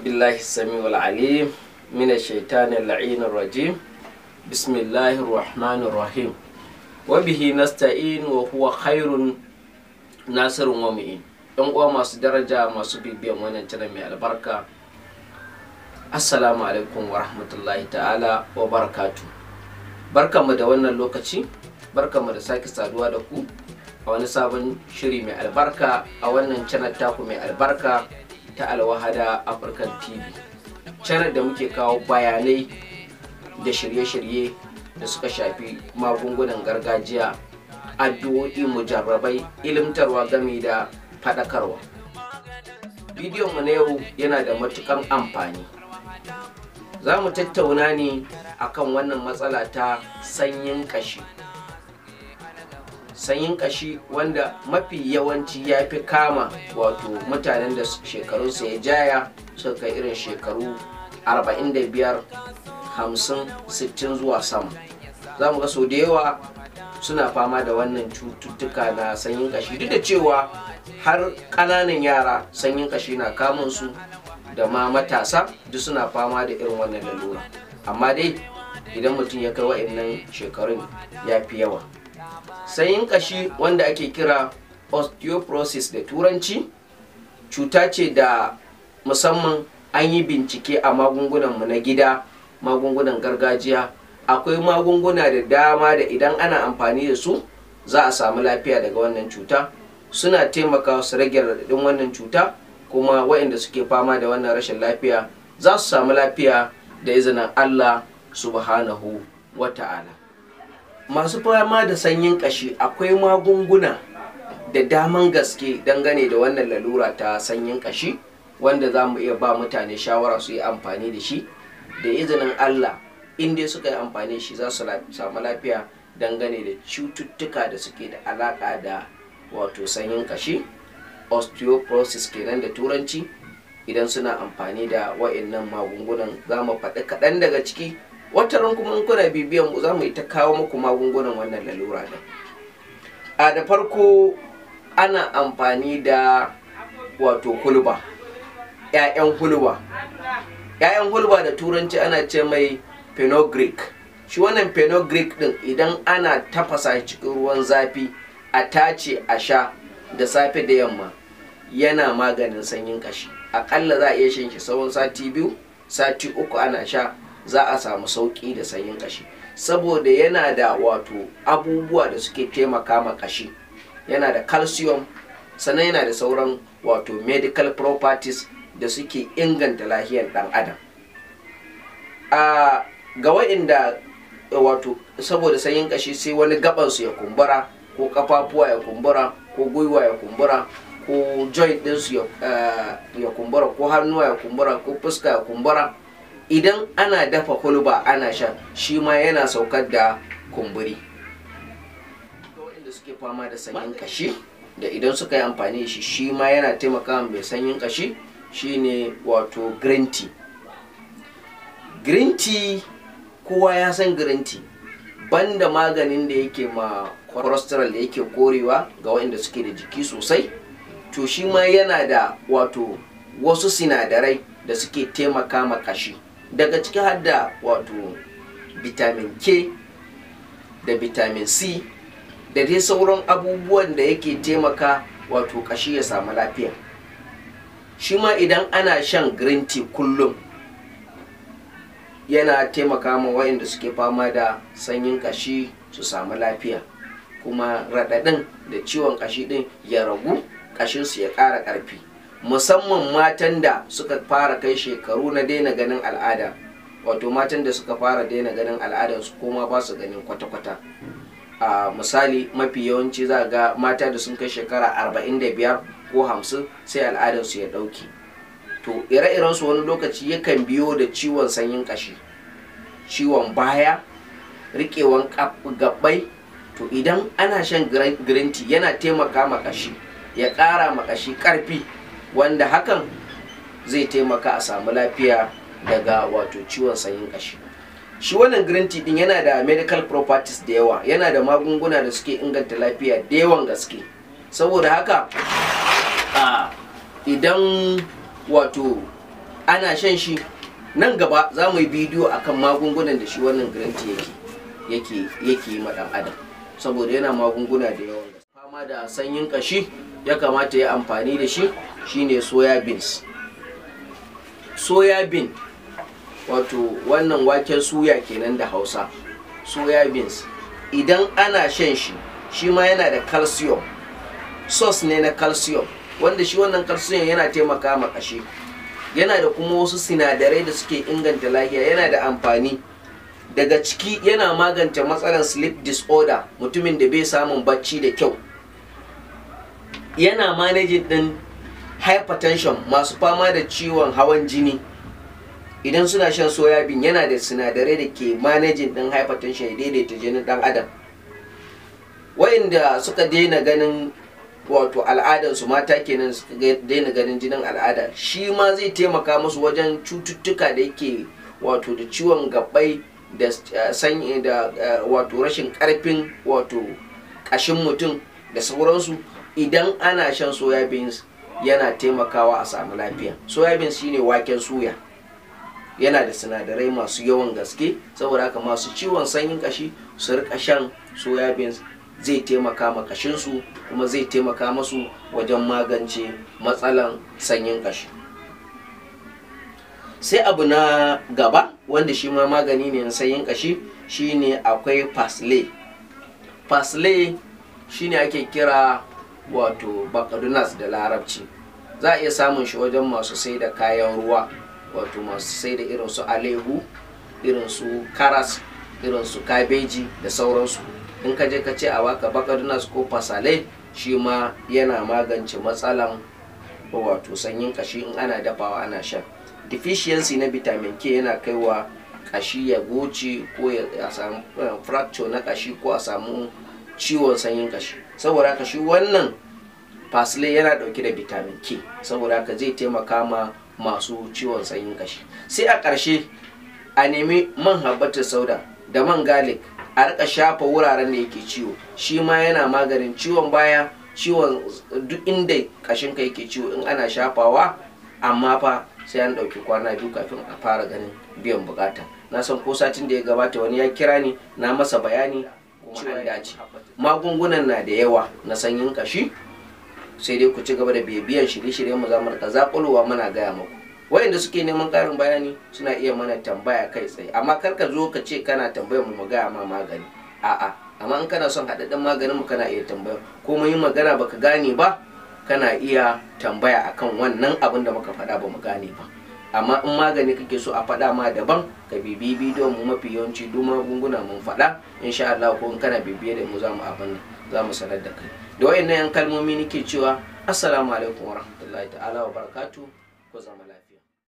أعوذ بالله السميع العليم من الشيطان اللعين الرجيم بسم الله الرحمن الرحيم وبه نستعين وهو خير ناصر ومعين ɗan uwa masu daraja masu bibiyan wannan channel mai albarka assalamu alaikum wa rahmatullahi ta'ala wa barakatu barkamu da wannan lokaci barkamu da sake saduwa da ku a wani sabon shiri mai albarka a wannan channel taku mai albarka ta alwahada african tv channel da muke kawo bayanai da shirye-shirye da suka shafi magungunan gargajiya addu'o'i mujarrabai ilimtarwa game da faɗakarwa bidiyon mu na yau yana da matukan amfani za mu tattauna ne akan wannan matsala ta sanyin kashi sanyin kashi wanda mafi yawanci ya fi kama wato mutanen da shekarunsa ya jaya suka kai irin shekaru 45 50 60 zuwa sama za mu ga sau da yawa suna fama da wannan cututtuka na sanyin kashi duk da cewa har ƙananan yara sanyin kashi na kamun su da ma matasa duk suna fama da irin wannan lalura amma dai idan mutum ya kai waɗannan shekarun ya fi yawa sayin kashi wanda ake kira osteoporosis da turanci cuta ce da musamman an yi bincike a magungunanmu na gida magungunan gargajiya akwai magunguna da dama da idan ana amfani da su za a samu lafiya daga wannan cuta suna taimakawa su rage raɗaɗin wannan cuta kuma waɗanda suke fama da wannan rashin lafiya za su samu lafiya da izinin allah subhanahu wa ta'ala masu fama da sanyin kashi akwai magunguna da daman gaske dangane da wannan lalura ta sanyin kashi wanda za mu iya ba mutane shawara su yi amfani da shi da izinin allah inda suka yi amfani shi za su samu lafiya dangane da cututtuka da suke da alaƙa da wato sanyin kashi osteoporosis kenan da turanci idan suna amfani da wa'annan magungunan za mu faɗi kaɗan daga ciki wata ran kuma in kuna bibiyan mu za mu yi ta kawo muku magungunan wannan lalura da. a da farko ana amfani da wato hulba 'ya'yan hulba 'ya'yan hulba da turanci ana ce mai fenogreek shi wannan fenogreek din idan ana tafasa cikin ruwan zafi a tace a sha da safe da yamma yana maganin sanyin kashi akalla za a iya shan shi tsawon sati biyu sati uku ana sha za a samu sauƙi da sanyin kashi saboda yana da wato abubuwa da suke taimaka ma kashi yana da calcium sannan yana da sauran wato medical properties da suke inganta lafiyar dan adam a ga wa'inda wato saboda sanyin kashi sai wani gabansu ya kumbura ko kafafuwa ya kumbura ko gwiwa ya kumbura ko joint ɗinsu ya eh, kumbura ko hannuwa ya kumbura ko fuska ya kumbura idan ana dafa kuluba ana sha shi ma yana saukar da kumburi ga waɗanda suke fama da sanyin kashi da idan suka yi amfani da shi shi ma yana taimakawa mai sanyin kashi shine wato green tea green tea kowa ya san green tea banda maganin da yake ma cholesterol da yake korewa ga waɗanda suke da jiki sosai to shi ma yana da wato wasu sinadarai da suke taimaka ma kashi daga ciki har da wato vitamin k da vitamin c da dai sauran abubuwan da yake taimaka wato kashi ya samu lafiya shi ma idan ana shan green tea kullum yana taimaka ma waɗanda suke fama da sanyin kashi su samu lafiya kuma raɗaɗin da ciwon kashi ɗin ya ragu ƙashinsu ya ƙara ƙarfi musamman matan da suka fara kai shekaru na daina ganin al'ada wato matan da suka fara daina ganin al'adar su koma ba su ganin kwata-kwata a misali mafi yawanci za ga mata da sun kai shekara 45 ko 50 sai al'adar su ya dauki to ire-iren su wani lokaci yakan biyo da ciwon sanyin kashi ciwon baya riƙewan gabbai to idan ana shan green yana taimaka ma kashi ya ƙara ma kashi ƙarfi wanda hakan zai taimaka a samu lafiya daga wato ciwon sanyin kashi shi wannan green tea din yana da medical properties da yawa yana da magunguna da suke inganta lafiya da yawan gaske saboda haka a idan wato ana shan shi nan gaba za mu yi bidiyo akan magungunan da shi wannan green tea yake yake yake yi ma adam saboda yana magunguna da yawa fama da sanyin kashi ya kamata ya amfani da shi shine soya beans soya bean wato wannan waken suya kenan da hausa soya beans idan ana shan shi shi ma yana da calcium sauce ne na calcium wanda shi wannan calcium yana taimaka ma kashi yana da kuma wasu sinadarai da suke inganta lafiya yana da amfani daga ciki yana magance matsalar sleep disorder mutumin da bai samun bacci da kyau yana manajin din hypertension masu fama da ciwon hawan jini idan suna shan soya soyabin yana da sinadarai da ke manajin din hypertension ya daidaita jinin dan adam wayanda suka daina ganin wato al'adansu mata kenan suka daina ganin jinin al'ada shi ma zai taimaka musu wajen cututtuka da yake wato da ciwon gabbai da eh, sanyi da eh, wato rashin karfin wato ƙashin mutum da sauransu idan ana shan soya beans yana taimakawa a samu lafiya soya beans shine waken suya yana da sinadarai masu yawan gaske saboda haka masu ciwon sanyin kashi su rika shan soya beans zai taimaka ma kashinsu kuma zai taimaka masu wajen magance matsalan sanyin kashi sai abu na gaba wanda shi ma magani ne na sanyin kashi shine akwai parsley parsley shine ake kira wato bakadunas da larabci za a iya samun shi wajen masu sai da kayan ruwa wato masu sai da irin su alehu irin su karas irin su kabeji da sauransu in ka je ka ce a waka bakadunas ko fasale shi ma yana magance matsalan wato sanyin kashi in ana dafawa ana sha deficiency na vitamin k yana kaiwa kashi ya goce ko ya samu eh, fracture na kashi ko a samu ciwon sanyin kashi saboda kashi wannan fasile yana dauke da vitamin k saboda haka zai taimaka ma masu ciwon sanyin kashi sai a ƙarshe a nemi man habbatar sauda da man garlic a rika shafa wuraren da yake ciwo shi ma yana maganin ciwon baya ciwon duk inda kashin ka yake ciwo in ana shafawa amma fa sai an dauki kwana biyu kafin a fara ganin biyan bukata na san ko satin da ya gabata wani ya kira ni na masa bayani Ciwon daji magungunan na da yawa na sanyin kashi sai dai ku ci gaba da bibiyan shirye-shiryen mu zamu rika zakulowa muna gaya muku wayanda suke neman karin bayani suna iya mana tambaya kai tsaye amma kar ka zo ka ce kana tambayar mu mu gaya ma magani a'a amma in kana son haɗaɗɗen maganin mu kana iya tambaya ko mun yi magana baka gane ba kana iya tambaya akan wannan abin da muka faɗa ba mu gane ba amma in magani kake so a faɗa ma daban ka bibi bidiyo mu mafi yawanci duk magunguna mun faɗa insha Allah ko in kana bibiye da mu za mu abin za mu sanar da kai da wayannan kalmomi nake cewa assalamu alaikum warahmatullahi ta'ala wa barakatuh ko zama lafiya